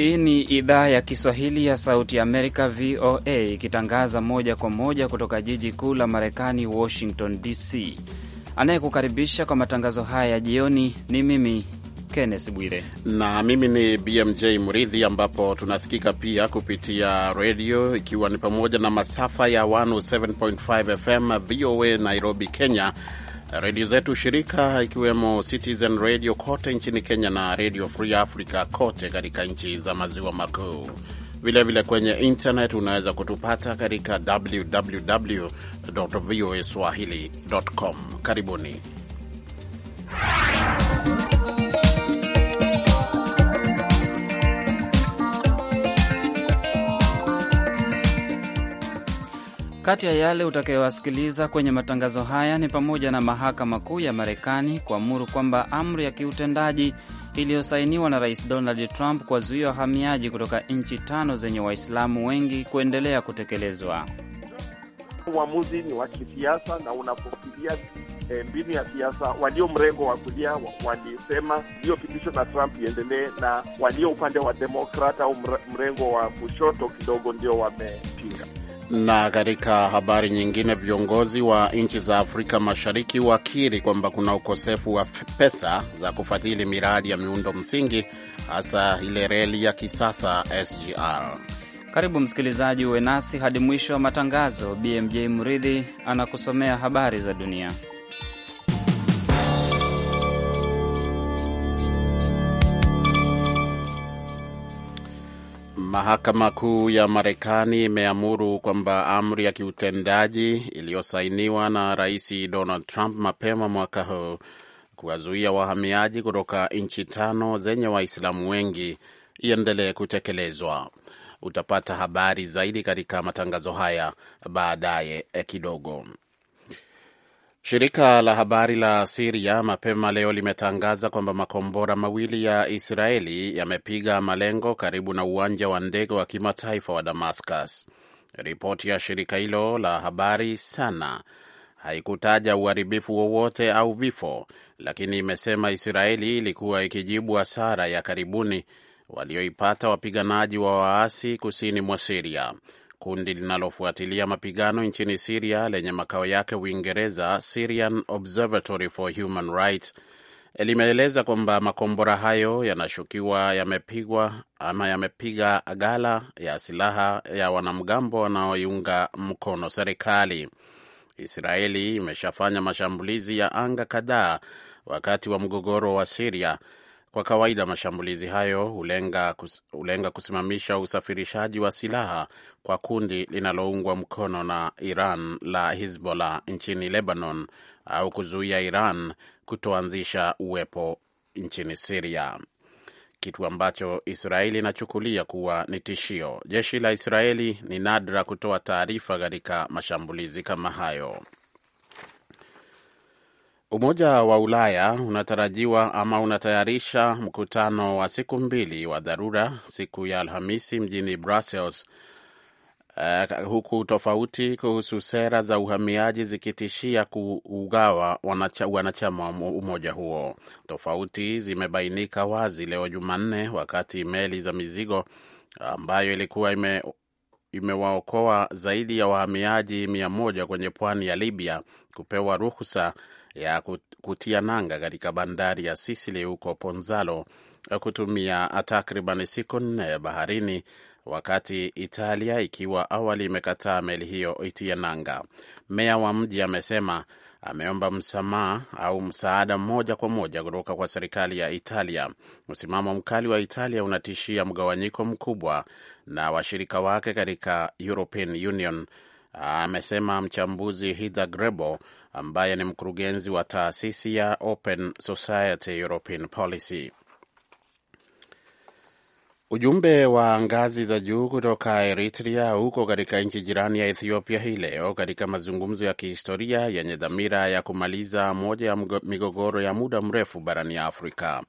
Hii ni idhaa ya Kiswahili ya Sauti Amerika, VOA, ikitangaza moja kwa moja kutoka jiji kuu la Marekani, Washington DC. Anayekukaribisha kwa matangazo haya ya jioni ni mimi Kenneth Bwire na mimi ni BMJ Mridhi, ambapo tunasikika pia kupitia redio ikiwa ni pamoja na masafa ya 107.5 FM VOA Nairobi, Kenya redio zetu shirika ikiwemo Citizen Radio kote nchini Kenya na Radio Free Africa kote katika nchi za maziwa makuu. Vilevile kwenye internet unaweza kutupata katika www voa swahili com. Karibuni. Kati ya yale utakayowasikiliza kwenye matangazo haya ni pamoja na mahakama kuu ya Marekani kuamuru kwamba amri ya kiutendaji iliyosainiwa na Rais Donald Trump kwa wahamiaji kutoka nchi tano zenye Waislamu wengi kuendelea kutekelezwa. Uamuzi ni wa kisiasa na e, mbinu ya siasa. Walio mrengo wa kulia walisema iliyopitishwa na Trump iendelee, na walio upande wa Demokrat au mrengo wa kushoto kidogo ndio wamepinga. Na katika habari nyingine, viongozi wa nchi za Afrika Mashariki wakiri kwamba kuna ukosefu wa pesa za kufadhili miradi ya miundo msingi hasa ile reli ya kisasa SGR. Karibu msikilizaji, uwe nasi hadi mwisho wa matangazo. BMJ Mridhi anakusomea habari za dunia. Mahakama Kuu ya Marekani imeamuru kwamba amri ya kiutendaji iliyosainiwa na Rais Donald Trump mapema mwaka huu kuwazuia wahamiaji kutoka nchi tano zenye Waislamu wengi iendelee kutekelezwa. Utapata habari zaidi katika matangazo haya baadaye kidogo. Shirika la habari la Siria mapema leo limetangaza kwamba makombora mawili ya Israeli yamepiga malengo karibu na uwanja wa ndege wa kimataifa wa Damascus. Ripoti ya shirika hilo la habari SANA haikutaja uharibifu wowote au vifo, lakini imesema Israeli ilikuwa ikijibu hasara ya karibuni walioipata wapiganaji wa waasi kusini mwa Siria kundi linalofuatilia mapigano nchini Siria lenye makao yake Uingereza, Syrian Observatory for Human Rights limeeleza kwamba makombora hayo yanashukiwa yamepigwa ama yamepiga ghala ya silaha ya wanamgambo wanaoiunga mkono serikali. Israeli imeshafanya mashambulizi ya anga kadhaa wakati wa mgogoro wa Siria kwa kawaida mashambulizi hayo hulenga, kus, hulenga kusimamisha usafirishaji wa silaha kwa kundi linaloungwa mkono na Iran la Hizbollah nchini Lebanon au kuzuia Iran kutoanzisha uwepo nchini Siria, kitu ambacho Israeli inachukulia kuwa ni tishio. Jeshi la Israeli ni nadra kutoa taarifa katika mashambulizi kama hayo. Umoja wa Ulaya unatarajiwa ama unatayarisha mkutano wa siku mbili wa dharura siku ya Alhamisi mjini Brussels, uh, huku tofauti kuhusu sera za uhamiaji zikitishia kuugawa wanachama wa umoja huo. Tofauti zimebainika wazi leo Jumanne wakati meli za mizigo ambayo ilikuwa ime imewaokoa zaidi ya wahamiaji mia moja kwenye pwani ya Libya kupewa ruhusa ya kutia nanga katika bandari ya Sisili huko Ponzalo eh, kutumia takriban siku nne baharini, wakati Italia ikiwa awali imekataa meli hiyo itie nanga. Meya wa mji amesema ameomba msamaha au msaada moja kwa moja kutoka kwa serikali ya Italia. Msimamo mkali wa Italia unatishia mgawanyiko mkubwa na washirika wake katika European Union, ah, amesema mchambuzi Hidha Grebo ambaye ni mkurugenzi wa taasisi ya Open Society European Policy. Ujumbe wa ngazi za juu kutoka Eritrea uko katika nchi jirani ya Ethiopia hii leo katika mazungumzo ya kihistoria yenye dhamira ya kumaliza moja ya migogoro ya muda mrefu barani Afrika.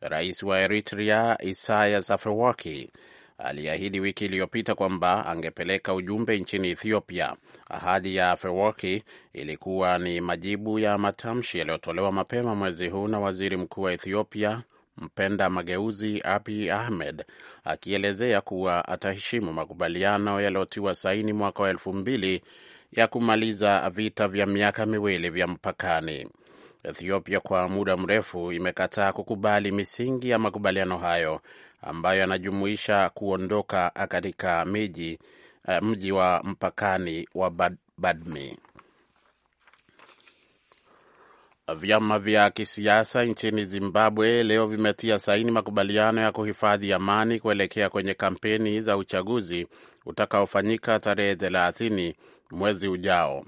Rais wa Eritrea Isaias Afwerki aliahidi wiki iliyopita kwamba angepeleka ujumbe nchini Ethiopia. Ahadi ya Afeworki ilikuwa ni majibu ya matamshi yaliyotolewa mapema mwezi huu na waziri mkuu wa Ethiopia mpenda mageuzi abi Ahmed akielezea kuwa ataheshimu makubaliano yaliyotiwa saini mwaka wa elfu mbili ya kumaliza vita vya miaka miwili vya mpakani. Ethiopia kwa muda mrefu imekataa kukubali misingi ya makubaliano hayo ambayo yanajumuisha kuondoka katika miji uh, mji wa mpakani wa Bad, Badmi. Vyama vya kisiasa nchini Zimbabwe leo vimetia saini makubaliano ya kuhifadhi amani kuelekea kwenye kampeni za uchaguzi utakaofanyika tarehe thelathini mwezi ujao.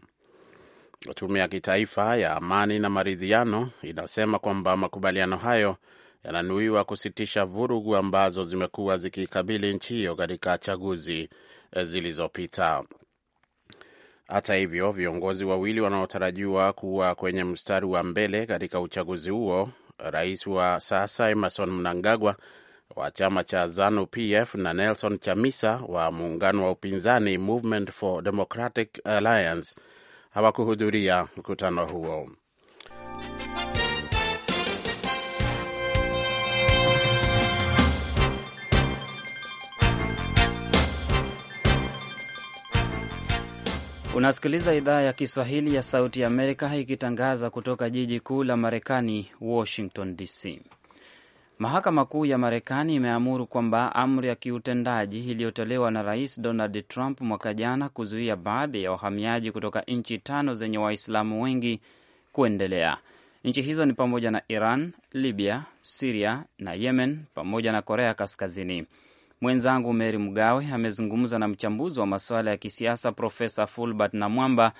Tume ya kitaifa ya amani na maridhiano inasema kwamba makubaliano hayo yananuiwa kusitisha vurugu ambazo zimekuwa zikikabili nchi hiyo katika chaguzi eh, zilizopita. Hata hivyo, viongozi wawili wanaotarajiwa kuwa kwenye mstari wa mbele katika uchaguzi huo, rais wa sasa Emerson Mnangagwa wa chama cha Zanu PF na Nelson Chamisa wa muungano wa upinzani Movement for Democratic Alliance hawakuhudhuria mkutano huo. Unasikiliza idhaa ya Kiswahili ya Sauti ya Amerika ikitangaza kutoka jiji kuu la Marekani, Washington DC. Mahakama Kuu ya Marekani imeamuru kwamba amri ya kiutendaji iliyotolewa na Rais Donald Trump mwaka jana kuzuia baadhi ya wahamiaji kutoka nchi tano zenye Waislamu wengi kuendelea. Nchi hizo ni pamoja na Iran, Libya, Siria na Yemen pamoja na Korea Kaskazini. Mwenzangu Meri Mgawe amezungumza na mchambuzi wa masuala ya kisiasa Profesa Fulbert Namwamba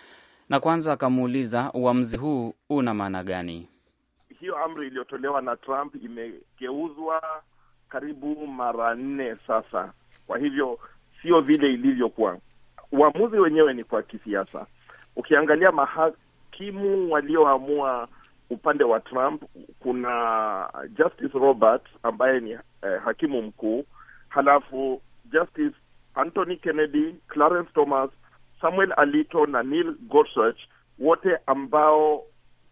na kwanza akamuuliza uamuzi huu una maana gani? Hiyo amri iliyotolewa na Trump imegeuzwa karibu mara nne sasa. Kwa hivyo sio vile ilivyokuwa. Uamuzi wenyewe ni kwa kisiasa. Ukiangalia mahakimu walioamua upande wa Trump, kuna Justice Roberts ambaye ni eh, hakimu mkuu halafu Justice Anthony Kennedy, Clarence Thomas, Samuel Alito na Neil Gorsuch, wote ambao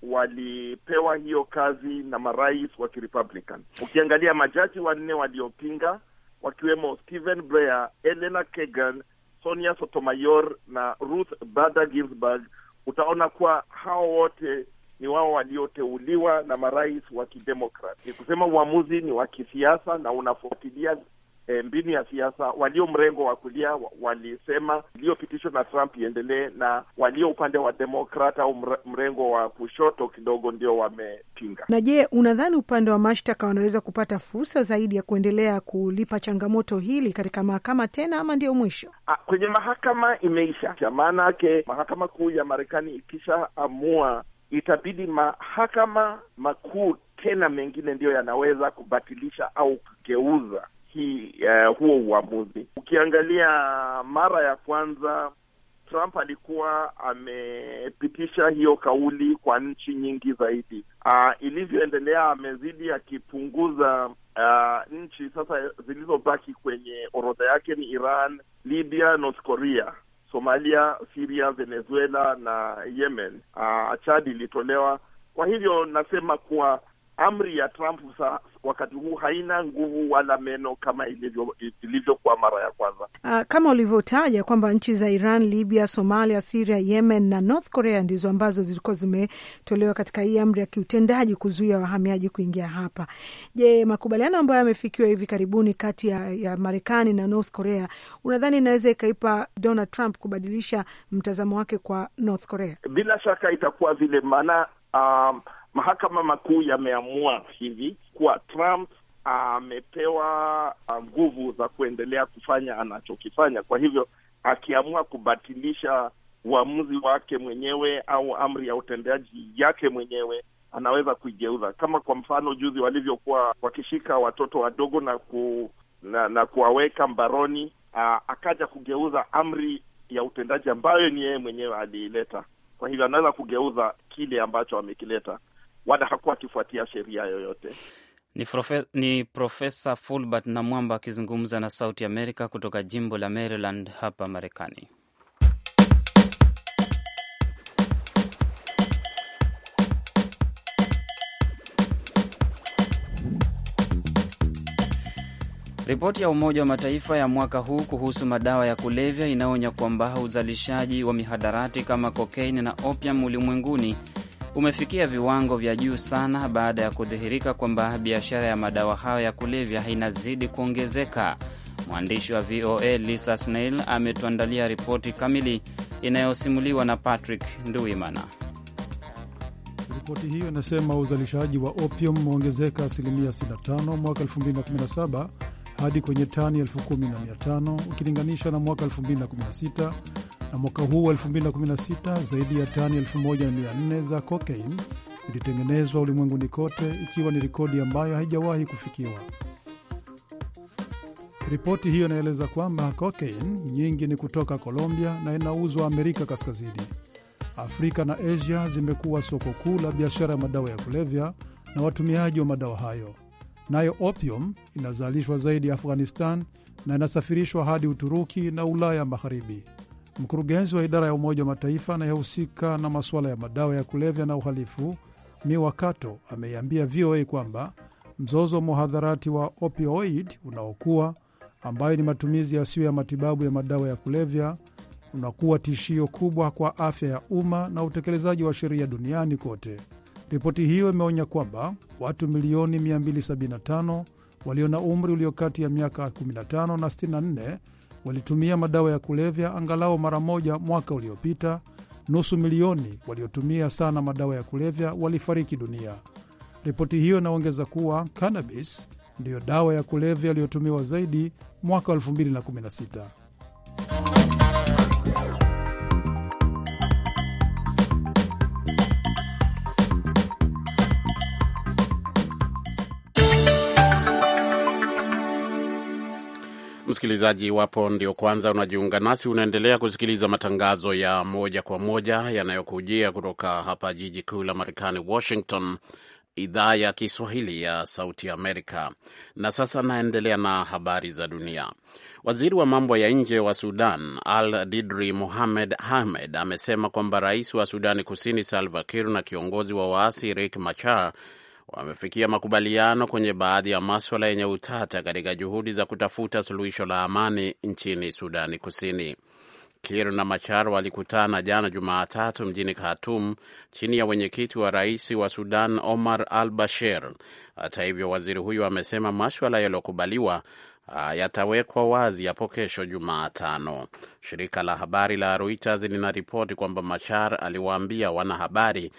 walipewa hiyo kazi na marais wa Kirepublican. Ukiangalia majaji wanne waliopinga wakiwemo Stephen Breyer, Elena kegan Sonia Sotomayor na Ruth Bader Ginsburg, utaona kuwa hao wote ni wao walioteuliwa na marais wa Kidemokrat. Ni kusema uamuzi ni wa kisiasa na unafuatilia e, mbinu ya siasa. Walio mrengo wa kulia walisema iliyopitishwa na Trump iendelee, na walio upande wa demokrat au mrengo wa kushoto kidogo ndio wamepinga. Na je, unadhani upande wa mashtaka wanaweza kupata fursa zaidi ya kuendelea kulipa changamoto hili katika mahakama tena, ama ndio mwisho? A, ah, kwenye mahakama imeisha, yake mahakama kuu ya Marekani ikishaamua itabidi mahakama makuu tena mengine ndiyo yanaweza kubatilisha au kugeuza hii uh, eh, huo uamuzi. Ukiangalia mara ya kwanza Trump alikuwa amepitisha hiyo kauli kwa nchi nyingi zaidi. Uh, ilivyoendelea amezidi akipunguza uh, nchi sasa zilizobaki kwenye orodha yake ni Iran, Libya, North Korea, Somalia, siria Venezuela na Yemen. Uh, ah, Chad ilitolewa. Kwa hivyo nasema kuwa amri ya Trump sa, wakati huu haina nguvu wala meno kama ilivyo ilivyokuwa mara ya kwanza. Uh, kama ulivyotaja kwamba nchi za Iran, Libya, Somalia, Siria, Yemen na North Korea ndizo ambazo zilikuwa zimetolewa katika hii amri ya kiutendaji kuzuia wahamiaji kuingia hapa. Je, makubaliano ambayo yamefikiwa hivi karibuni kati ya, ya Marekani na North Korea unadhani inaweza ikaipa Donald Trump kubadilisha mtazamo wake kwa North Korea? Bila shaka itakuwa vile maana um, mahakama makuu yameamua hivi kuwa Trump ah, amepewa ah, nguvu za kuendelea kufanya anachokifanya. Kwa hivyo akiamua kubatilisha uamuzi wake mwenyewe au amri ya utendaji yake mwenyewe anaweza kuigeuza, kama kwa mfano juzi walivyokuwa wakishika watoto wadogo na ku, na, na kuwaweka mbaroni. Aa, ah, akaja kugeuza amri ya utendaji ambayo ni yeye mwenyewe aliileta. Kwa hivyo anaweza kugeuza kile ambacho amekileta wala hakuwa akifuatia sheria yoyote. Ni, profe, ni Profesa Fulbert na Mwamba akizungumza na Sauti Amerika kutoka jimbo la Maryland hapa Marekani. Ripoti ya Umoja wa Mataifa ya mwaka huu kuhusu madawa ya kulevya inaonya kwamba uzalishaji wa mihadarati kama kokaini na opium ulimwenguni umefikia viwango vya juu sana baada ya kudhihirika kwamba biashara ya madawa hayo ya kulevya inazidi kuongezeka. Mwandishi wa VOA Lisa Snail ametuandalia ripoti kamili inayosimuliwa na Patrick Nduimana. Ripoti hiyo inasema uzalishaji wa opium umeongezeka asilimia 65 mwaka 2017 hadi kwenye tani 10,500 ukilinganisha na mwaka 2016 na mwaka huu wa 2016 zaidi ya tani 1400 za kokaini zilitengenezwa ulimwenguni kote, ikiwa ni rekodi ambayo haijawahi kufikiwa. Ripoti hiyo inaeleza kwamba kokaini nyingi ni kutoka Colombia na inauzwa Amerika Kaskazini. Afrika na Asia zimekuwa soko kuu la biashara ya madawa ya kulevya na watumiaji wa madawa hayo. Nayo opium inazalishwa zaidi ya Afghanistan na inasafirishwa hadi Uturuki na Ulaya Magharibi. Mkurugenzi wa idara ya Umoja wa Mataifa anayehusika na masuala ya madawa ya kulevya na uhalifu Miwa Kato ameiambia VOA kwamba mzozo wa muhadharati wa opioid unaokuwa, ambayo ni matumizi yasiyo ya matibabu ya madawa ya kulevya, unakuwa tishio kubwa kwa afya ya umma na utekelezaji wa sheria duniani kote. Ripoti hiyo imeonya kwamba watu milioni 275 walio na umri ulio kati ya miaka 15 na 64 walitumia madawa ya kulevya angalau mara moja mwaka uliopita. Nusu milioni waliotumia sana madawa ya kulevya walifariki dunia. Ripoti hiyo inaongeza kuwa cannabis ndiyo dawa ya kulevya iliyotumiwa zaidi mwaka 2016. Msikilizaji, iwapo ndio kwanza unajiunga nasi, unaendelea kusikiliza matangazo ya moja kwa moja yanayokujia kutoka hapa jiji kuu la Marekani, Washington, idhaa ya Kiswahili ya Sauti Amerika. Na sasa naendelea na habari za dunia. Waziri wa mambo ya nje wa Sudan Al Didri Mohamed Ahmed amesema kwamba rais wa Sudani Kusini Salva Kiir na kiongozi wa waasi Rik Machar wamefikia makubaliano kwenye baadhi ya maswala yenye utata katika juhudi za kutafuta suluhisho la amani nchini Sudani Kusini. kir na Machar walikutana jana Jumatatu mjini khartum chini ya wenyekiti wa rais wa Sudan Omar al Bashir. Hata hivyo, waziri huyo amesema maswala yaliyokubaliwa ah, yatawekwa wazi hapo kesho Jumatano. Shirika la habari la Reuters linaripoti kwamba Machar aliwaambia wanahabari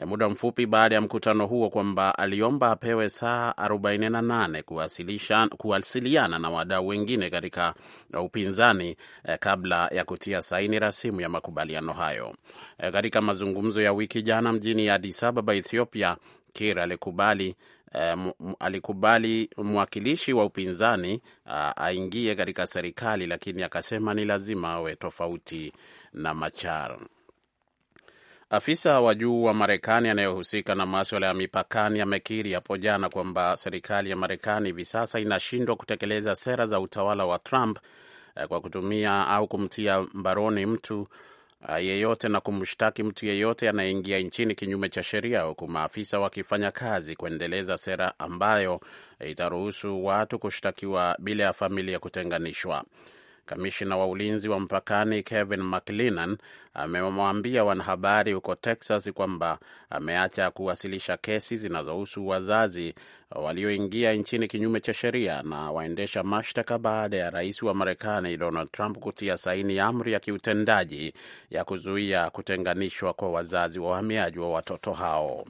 E, muda mfupi baada ya mkutano huo kwamba aliomba apewe saa 48 kuwasiliana na wadau wengine katika e, upinzani eh, kabla ya kutia saini rasimu ya makubaliano hayo. Eh, katika mazungumzo ya wiki jana mjini Addis Ababa, Ethiopia, Kir alikubali e, alikubali mwakilishi wa upinzani aingie katika serikali, lakini akasema ni lazima awe tofauti na Machar. Afisa wa juu wa Marekani anayehusika na maswala ya mipakani amekiri hapo jana kwamba serikali ya Marekani hivi sasa inashindwa kutekeleza sera za utawala wa Trump eh, kwa kutumia au kumtia mbaroni mtu eh, yeyote na kumshtaki mtu yeyote anayeingia nchini kinyume cha sheria, huku maafisa wakifanya kazi kuendeleza sera ambayo itaruhusu watu kushtakiwa bila ya familia kutenganishwa. Kamishina wa ulinzi wa mpakani Kevin mclinan amemwambia wanahabari huko Texas kwamba ameacha kuwasilisha kesi zinazohusu wazazi walioingia nchini kinyume cha sheria na waendesha mashtaka baada ya rais wa Marekani Donald Trump kutia saini amri ya kiutendaji ya kuzuia kutenganishwa kwa wazazi wa wahamiaji wa watoto hao.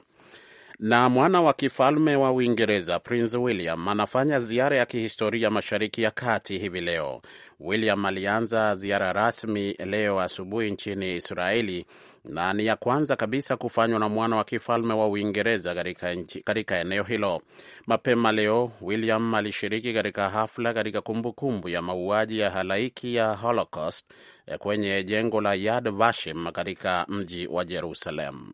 Na mwana wa kifalme wa Uingereza Prince William anafanya ziara ya kihistoria Mashariki ya Kati hivi leo. William alianza ziara rasmi leo asubuhi nchini Israeli na ni ya kwanza kabisa kufanywa na mwana wa kifalme wa Uingereza katika eneo hilo. Mapema leo, William alishiriki katika hafla katika kumbukumbu ya mauaji ya halaiki ya Holocaust kwenye jengo la Yad Vashem katika mji wa Jerusalem.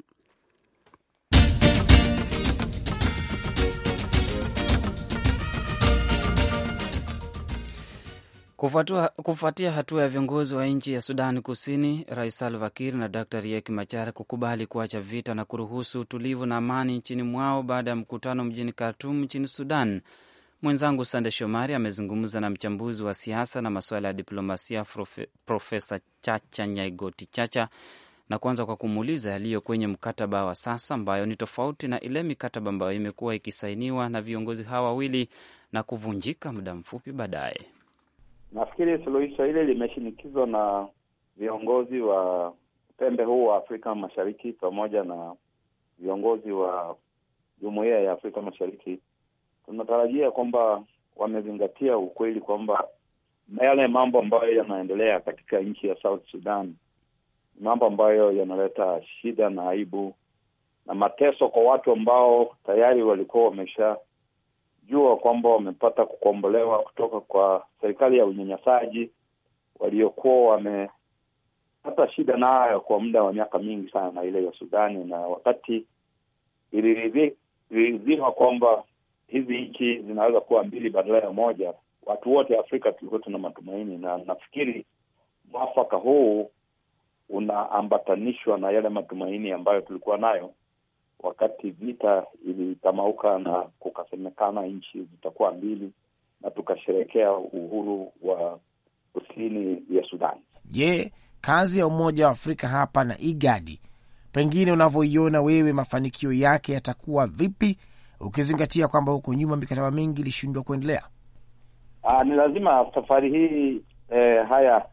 Kufuatia hatua ya viongozi wa nchi ya Sudani Kusini, Rais Salva Kiir na Dr Riek Machar kukubali kuacha vita na kuruhusu utulivu na amani nchini mwao baada ya mkutano mjini Khartum nchini Sudan, mwenzangu Sande Shomari amezungumza na mchambuzi wa siasa na masuala ya diplomasia Profesa Chacha Nyaigoti Chacha na kuanza kwa kumuuliza yaliyo kwenye mkataba wa sasa ambayo ni tofauti na ile mikataba ambayo imekuwa ikisainiwa na viongozi hawa wawili na kuvunjika muda mfupi baadaye. Nafikiri suluhisho hili limeshinikizwa na viongozi wa upembe huu wa Afrika Mashariki pamoja na viongozi wa Jumuiya ya Afrika Mashariki. Tunatarajia kwamba wamezingatia ukweli kwamba yale mambo ambayo yanaendelea katika nchi ya South Sudan, mambo ambayo yanaleta shida na aibu na mateso kwa watu ambao tayari walikuwa wamesha jua kwamba wamepata kukombolewa kutoka kwa serikali ya unyanyasaji waliokuwa wamepata shida nayo kwa muda wa miaka mingi sana, ile ya Sudani. Na wakati iliridhiwa kwamba hizi nchi zinaweza kuwa mbili badala ya moja, watu wote Afrika tulikuwa tuna matumaini, na nafikiri mwafaka huu unaambatanishwa na yale matumaini ambayo tulikuwa nayo wakati vita ilitamauka na kukasemekana nchi zitakuwa mbili na tukasherekea uhuru wa kusini ya Sudani. Je, kazi ya Umoja wa Afrika hapa na IGADI pengine unavyoiona wewe, mafanikio yake yatakuwa vipi, ukizingatia kwamba huko nyuma mikataba mingi ilishindwa kuendelea? Aa, ah, ni lazima safari hii eh, haya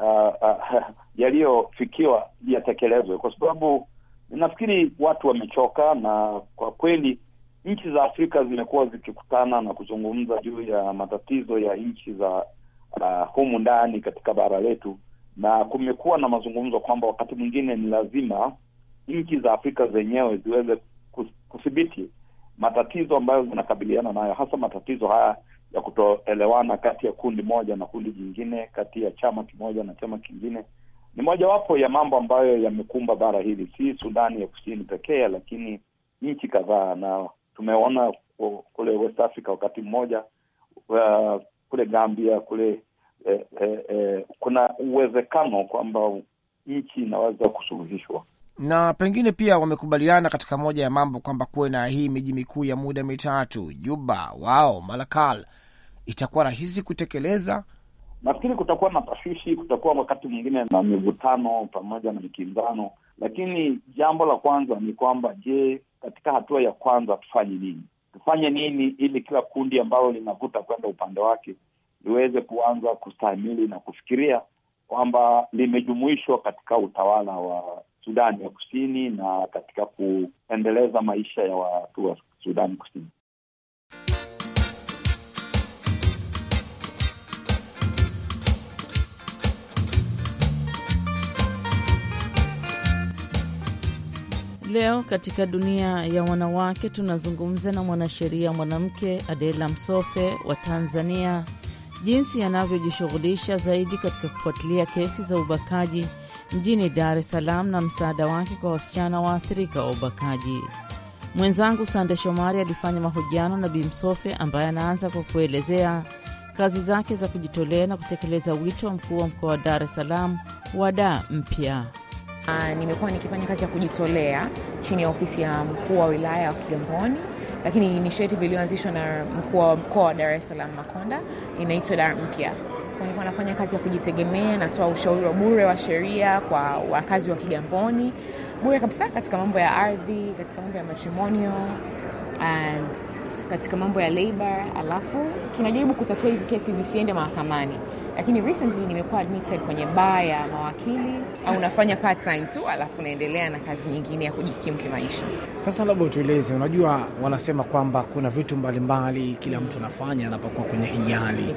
ah, ah, yaliyofikiwa yatekelezwe kwa sababu Nafikiri watu wamechoka, na kwa kweli nchi za Afrika zimekuwa zikikutana na kuzungumza juu ya matatizo ya nchi za uh, humu ndani katika bara letu, na kumekuwa na mazungumzo kwamba wakati mwingine ni lazima nchi za Afrika zenyewe ziweze kudhibiti matatizo ambayo zinakabiliana nayo, hasa matatizo haya ya kutoelewana kati ya kundi moja na kundi jingine, kati ya chama kimoja na chama kingine ni mojawapo ya mambo ambayo yamekumba bara hili, si Sudani ya kusini pekee, lakini nchi kadhaa, na tumeona kule West Africa wakati mmoja, uh, kule Gambia kule eh, eh, eh, kuna uwezekano kwamba nchi inaweza kusuluhishwa na pengine pia wamekubaliana katika moja ya mambo kwamba kuwe na hii miji mikuu ya muda mitatu, Juba, wao Malakal, itakuwa rahisi kutekeleza Nafikiri kutakuwa na tashwishi, kutakuwa wakati mwingine na mivutano pamoja na mikinzano, lakini jambo la kwanza ni kwamba, je, katika hatua ya kwanza tufanye nini? Tufanye nini ili kila kundi ambalo linavuta kwenda upande wake liweze kuanza kustahimili na kufikiria kwamba limejumuishwa katika utawala wa Sudani ya Kusini na katika kuendeleza maisha ya watu wa Sudani Kusini. leo katika dunia ya wanawake tunazungumza na mwanasheria mwanamke Adela Msofe wa Tanzania, jinsi anavyojishughulisha zaidi katika kufuatilia kesi za ubakaji mjini Dar es Salaam na msaada wake kwa wasichana waathirika wa ubakaji. Mwenzangu Sande Shomari alifanya mahojiano na Bi Msofe ambaye anaanza kwa kuelezea kazi zake za kujitolea na kutekeleza wito wa mkuu wa mkoa wa Dar es Salaam, wada mpya. Ah, nimekuwa nikifanya kazi ya kujitolea chini ya ofisi ya mkuu wa wilaya wa Kigamboni, lakini initiative iliyoanzishwa na mkuu wa mkoa wa Dar es Salaam Makonda inaitwa Dar Mpya. Nilikuwa nafanya kazi ya kujitegemea, natoa ushauri wa bure wa sheria kwa wakazi wa Kigamboni bure kabisa, katika mambo ya ardhi, katika mambo ya matrimonio and katika mambo ya labor, alafu tunajaribu kutatua hizi kesi zisiende mahakamani lakini recently nimekuwa admitted kwenye baa ya mawakili au unafanya part time tu alafu unaendelea na kazi nyingine ya kujikimu kimaisha. Sasa labda utueleze, unajua wanasema kwamba kuna vitu mbalimbali mbali, kila mtu anafanya anapokuwa kwenye hiali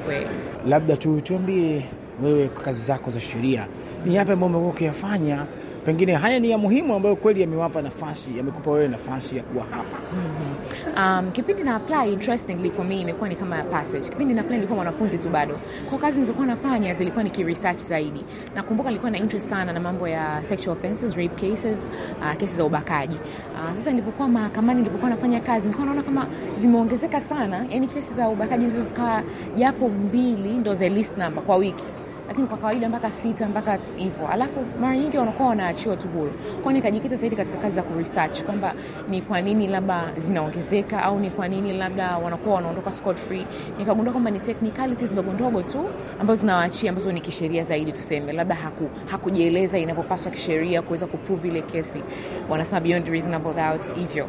Labda tu tuambie wewe, kazi zako za sheria ni yapi ambayo umekuwa ukiyafanya pengine haya ni ya muhimu ambayo kweli yamewapa nafasi, yamekupa wewe nafasi ya kuwa hapa. Mm-hmm. Um, kipindi na apply interestingly for me imekuwa ni kama passage. Kipindi na apply nilikuwa mwanafunzi tu bado, kwa kazi nilizokuwa nafanya zilikuwa ni research zaidi. Nakumbuka nilikuwa na interest sana na mambo ya sexual offenses, rape cases, uh, kesi za ubakaji. Uh, sasa nilipokuwa mahakamani, nilipokuwa nafanya kazi nilikuwa naona kama zimeongezeka sana, yani kesi za ubakaji zikawa japo mbili ndo the least number kwa wiki lakini kwa kawaida mpaka sita mpaka hivyo, alafu mara nyingi wanakuwa wanaachiwa tu huru. Kwao nikajikita zaidi katika kazi za kuresearch kwamba ni kwa nini labda zinaongezeka au ni kwa nini labda wanakuwa wanaondoka scot free. Nikagundua kwamba ni technicalities ndogo ndogo tu ambazo zinawaachia, ambazo ni kisheria zaidi, tuseme labda haku, hakujieleza inavyopaswa kisheria kuweza kuprove ile kesi, wanasema beyond reasonable doubt hivyo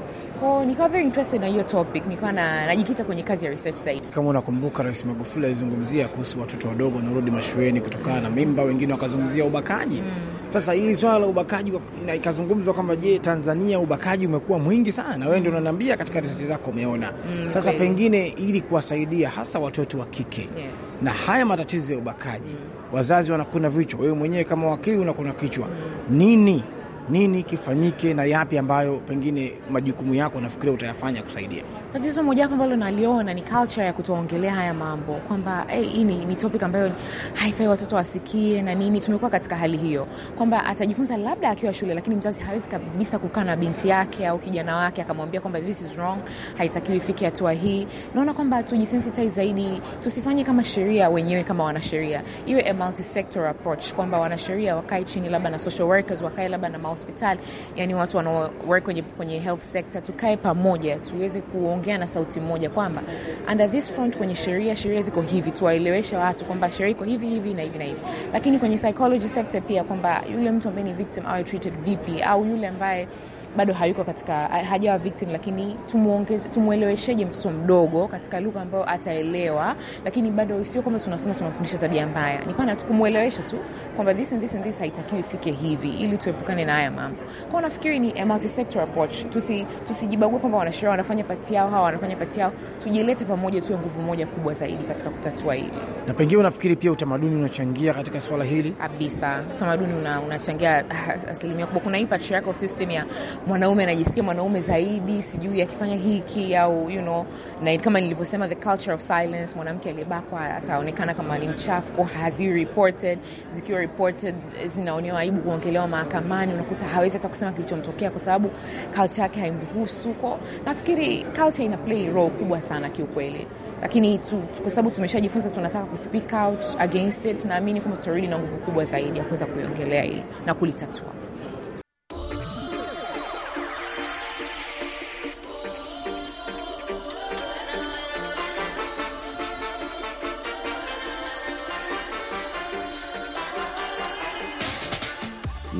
nikawa very interested na hiyo topic, nikawa na najikita kwenye kazi ya research zaidi. Kama unakumbuka, Rais Magufuli alizungumzia kuhusu watoto wadogo wanarudi mashuleni kutokana na mimba, wengine wakazungumzia ubakaji mm. Sasa hili swala la ubakaji na ikazungumzwa kwamba je, Tanzania ubakaji umekuwa mwingi sana, na wewe ndio mm. unaniambia katika research zako umeona mm, sasa Pengine ili kuwasaidia hasa watoto wa kike yes. na haya matatizo ya ubakaji mm. wazazi wanakuna vichwa, wewe mwenyewe kama wakili unakuna kichwa mm. nini nini kifanyike na yapi ambayo pengine majukumu yako unafikiria utayafanya kusaidia. Tatizo moja wapo ambalo naliona ni culture ya kutoongelea haya mambo kwamba hey, hii ni, ni topic ambayo haifai watoto wasikie na nini. Tumekuwa katika hali hiyo kwamba atajifunza labda akiwa shule, lakini mzazi hawezi kabisa kukaa na binti yake au kijana wake akamwambia kwamba this is wrong, haitakiwi ifike hatua hii. Naona kwamba tujisensitize zaidi, tusifanye kama sheria wenyewe, kama wanasheria, iwe a multi sector approach kwamba wanasheria wakae chini labda na social workers, wakae labda na hospitali, yani watu wanaowork kwenye, kwenye health sector, tukae pamoja tuweze kuongea na sauti moja kwamba under this front kwenye sheria, sheria ziko hivi, tuwaeleweshe watu kwamba sheria iko hivi hivi na hivi na hivi, lakini kwenye psychology sector pia kwamba yule mtu ambaye ni victim awe treated vipi au yule ambaye bado hayuko katika, hajawa victim, lakini tumuongeze, tumuelewesheje mtoto mdogo katika lugha ambayo ataelewa, lakini bado sio kwamba tunasema tunamfundisha tabia mbaya, ni pana tukumuelewesha tu kwamba this and this and this haitakiwi ifike hivi, ili tuepukane na haya mambo. Kwa nafikiri ni a multi-sector approach, tusi tusijibague kwamba wanasheria wanafanya pati yao, hawa wanafanya pati yao, tujilete pamoja, tuwe nguvu moja kubwa zaidi katika kutatua hili. Na pengine unafikiri pia utamaduni unachangia katika swala hili kabisa? Utamaduni unachangia una asilimia kubwa. Kuna hii patriarchal system ya mwanaume anajisikia mwanaume zaidi, sijui akifanya hiki au you know, na kama nilivyosema, the culture of silence, mwanamke aliyebakwa ataonekana kama ni mchafu, hazi reported. Zikiwa reported zinaonewa aibu kuongelewa mahakamani, unakuta hawezi hata kusema kilichomtokea kwa sababu culture yake haimruhusu. Kwa nafikiri culture ina play role kubwa sana kiukweli, lakini tu, tu, kwa sababu tumeshajifunza, tunataka ku speak out against it, naamini kwamba tutarudi na nguvu kubwa zaidi ya kuweza kuiongelea hili na kulitatua.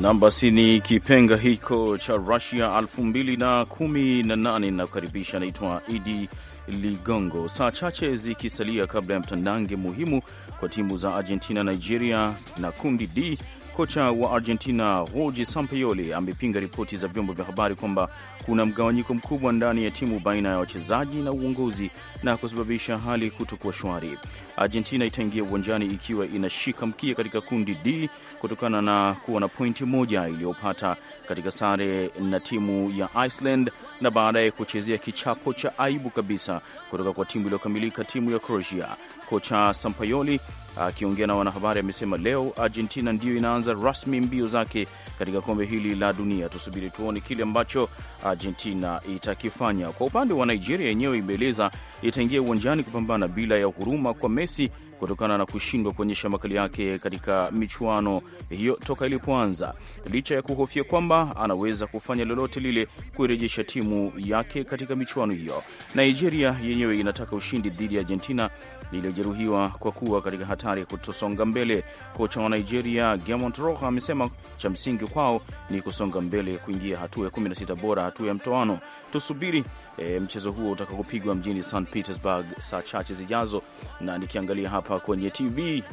na basi ni kipenga hiko cha Rusia 2018 nakukaribisha. anaitwa Idi Ligongo. Saa chache zikisalia kabla ya mtandange muhimu kwa timu za Argentina, Nigeria na kundi D Kocha wa Argentina Jorge Sampaoli amepinga ripoti za vyombo vya habari kwamba kuna mgawanyiko mkubwa ndani ya timu baina ya wachezaji na uongozi na kusababisha hali kutokuwa shwari. Argentina itaingia uwanjani ikiwa inashika mkia katika kundi D kutokana na kuwa na pointi moja iliyopata katika sare na timu ya Iceland na baadaye kuchezea kichapo cha aibu kabisa kutoka kwa timu iliyokamilika, timu ya Croatia. Kocha Sampaoli Akiongea na wanahabari amesema leo Argentina ndiyo inaanza rasmi mbio zake katika kombe hili la dunia. Tusubiri tuone kile ambacho Argentina itakifanya. Kwa upande wa Nigeria yenyewe imeeleza itaingia uwanjani kupambana bila ya huruma kwa Messi kutokana na kushindwa kuonyesha makali yake katika michuano hiyo toka ilipoanza, licha ya kuhofia kwamba anaweza kufanya lolote lile kuirejesha timu yake katika michuano hiyo. Nigeria yenyewe inataka ushindi dhidi ya Argentina iliyojeruhiwa kwa kuwa katika hatari ya kutosonga mbele. Kocha wa Nigeria Gamont Roha amesema cha msingi kwao ni kusonga mbele kuingia hatua ya 16 bora, hatua ya mtoano. Tusubiri E, mchezo huo utakaopigwa mjini St Petersburg saa chache zijazo, na nikiangalia hapa kwenye TV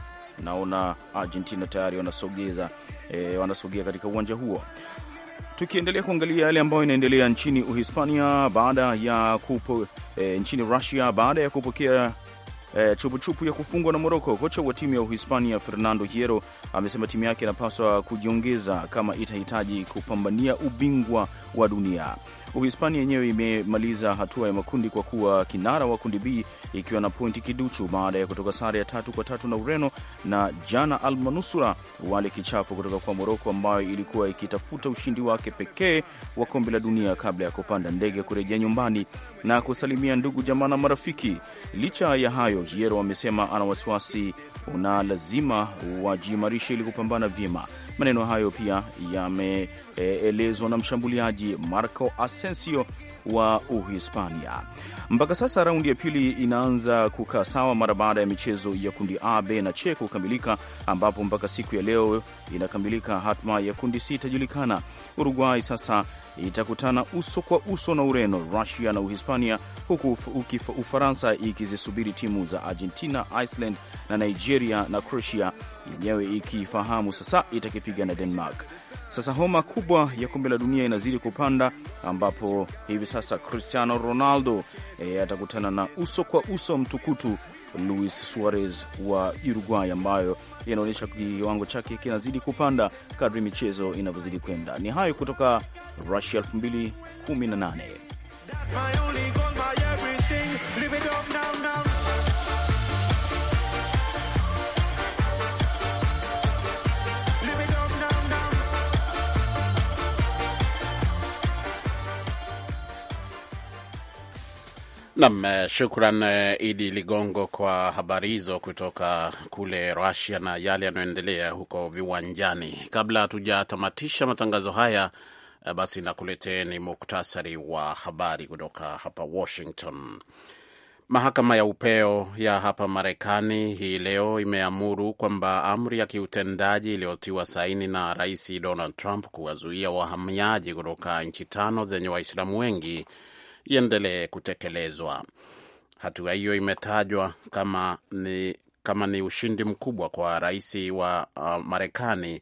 naona Argentina tayari wanasogeza e, wanasogea katika uwanja huo. Tukiendelea kuangalia yale ambayo inaendelea nchini Uhispania baada ya kupo, e, nchini Russia baada ya kupokea Eh, chupuchupu ya kufungwa na Moroko. Kocha wa timu ya Uhispania Fernando Hierro amesema timu yake inapaswa kujiongeza kama itahitaji kupambania ubingwa wa dunia. Uhispania yenyewe imemaliza hatua ya makundi kwa kuwa kinara wa kundi B ikiwa na pointi kiduchu baada ya kutoka sare ya tatu kwa tatu na Ureno, na jana almanusura wale kichapo kutoka kwa Moroko ambayo ilikuwa ikitafuta ushindi wake pekee wa kombe la dunia kabla ya kupanda ndege kurejea nyumbani na kusalimia ndugu jamaa na marafiki. Licha ya hayo Wanjiero amesema ana wasiwasi una lazima wajiimarishe ili kupambana vyema. Maneno hayo pia yame elezwa na mshambuliaji Marco Asensio wa Uhispania. Mpaka sasa raundi ya pili inaanza kukaa sawa mara baada ya michezo ya kundi A, B na C kukamilika, ambapo mpaka siku ya leo inakamilika hatma ya kundi C itajulikana. Uruguay sasa itakutana uso kwa uso na Ureno, Rusia na Uhispania, huku Ufaransa ikizisubiri timu za Argentina, Iceland na Nigeria, na Croatia yenyewe ikifahamu sasa itakipiga na Denmark. Sasa homa kubwa ya kombe la dunia inazidi kupanda, ambapo hivi sasa Cristiano Ronaldo e, atakutana na uso kwa uso mtukutu Luis Suarez wa Uruguay, ambayo inaonyesha kiwango chake kinazidi kupanda kadri michezo inavyozidi kwenda. Ni hayo kutoka Russia 2018. Nam, shukran eh, Idi Ligongo kwa habari hizo kutoka kule rasia na yale yanayoendelea huko viwanjani. Kabla hatujatamatisha matangazo haya, eh, basi nakuleteeni muktasari wa habari kutoka hapa Washington. Mahakama ya upeo ya hapa Marekani hii leo imeamuru kwamba amri ya kiutendaji iliyotiwa saini na Rais Donald Trump kuwazuia wahamiaji kutoka nchi tano zenye Waislamu wengi iendelee kutekelezwa. Hatua hiyo imetajwa kama ni, kama ni ushindi mkubwa kwa rais wa uh, Marekani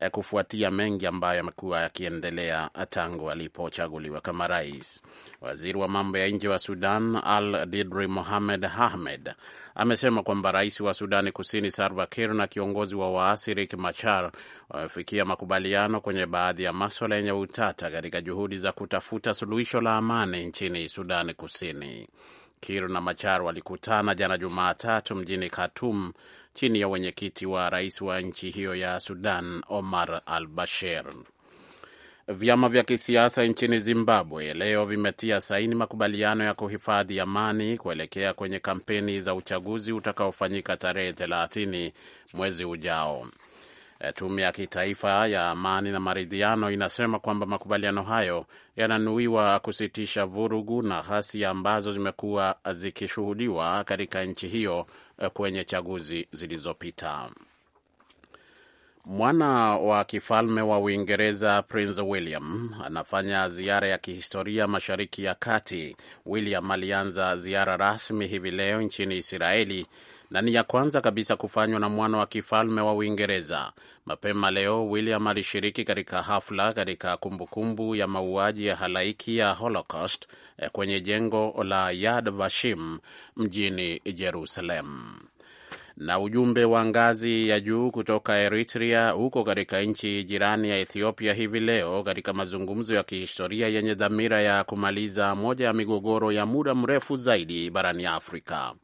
Eh, kufuatia mengi ambayo yamekuwa yakiendelea tangu alipochaguliwa kama rais. Waziri wa mambo ya nje wa Sudan Al Didri Mohamed Ahmed amesema kwamba rais wa Sudani Kusini Salva Kiir na kiongozi wa waasi Riek Machar wamefikia makubaliano kwenye baadhi ya maswala yenye utata katika juhudi za kutafuta suluhisho la amani nchini Sudani Kusini. Kiir na Machar walikutana jana Jumatatu mjini Khartoum chini ya wenyekiti wa rais wa nchi hiyo ya Sudan, Omar al Bashir. Vyama vya kisiasa nchini Zimbabwe leo vimetia saini makubaliano ya kuhifadhi amani kuelekea kwenye kampeni za uchaguzi utakaofanyika tarehe 30 mwezi ujao. Eh, tume ya kitaifa ya amani na maridhiano inasema kwamba makubaliano hayo yananuiwa kusitisha vurugu na ghasia ambazo zimekuwa zikishuhudiwa katika nchi hiyo Eh, kwenye chaguzi zilizopita. Mwana wa kifalme wa Uingereza Prince William anafanya ziara ya kihistoria mashariki ya kati. William alianza ziara rasmi hivi leo nchini Israeli na ni ya kwanza kabisa kufanywa na mwana wa kifalme wa Uingereza. Mapema leo William alishiriki katika hafla katika kumbukumbu ya mauaji ya halaiki ya Holocaust eh, kwenye jengo la Yad Vashim mjini Jerusalem na ujumbe wa ngazi ya juu kutoka Eritrea huko katika nchi jirani ya Ethiopia hivi leo katika mazungumzo ya kihistoria yenye dhamira ya kumaliza moja ya migogoro ya muda mrefu zaidi barani Afrika.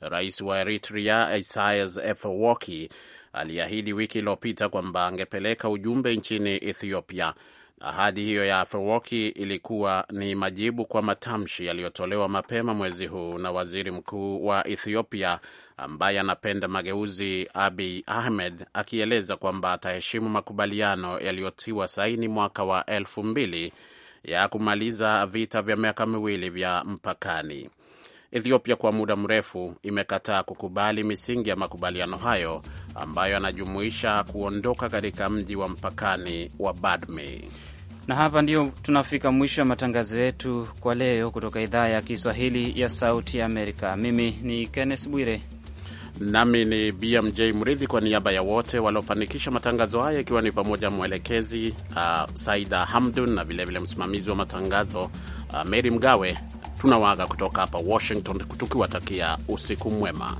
Rais wa Eritrea Isaias Afwerki aliahidi wiki iliyopita kwamba angepeleka ujumbe nchini Ethiopia. Ahadi hiyo ya Afwerki ilikuwa ni majibu kwa matamshi yaliyotolewa mapema mwezi huu na waziri mkuu wa Ethiopia ambaye anapenda mageuzi abi Ahmed, akieleza kwamba ataheshimu makubaliano yaliyotiwa saini mwaka wa elfu mbili ya kumaliza vita vya miaka miwili vya mpakani. Ethiopia kwa muda mrefu imekataa kukubali misingi ya makubaliano hayo ambayo yanajumuisha kuondoka katika mji wa mpakani wa Badme. Na hapa ndio tunafika mwisho wa matangazo yetu kwa leo kutoka idhaa ya Kiswahili ya Sauti ya Amerika. Mimi ni Kenneth Bwire Nami ni BMJ Mridhi, kwa niaba ya wote waliofanikisha matangazo haya, ikiwa ni pamoja mwelekezi uh, Saida Hamdun na vilevile msimamizi wa matangazo uh, Mary Mgawe. Tunawaaga kutoka hapa Washington tukiwatakia usiku mwema.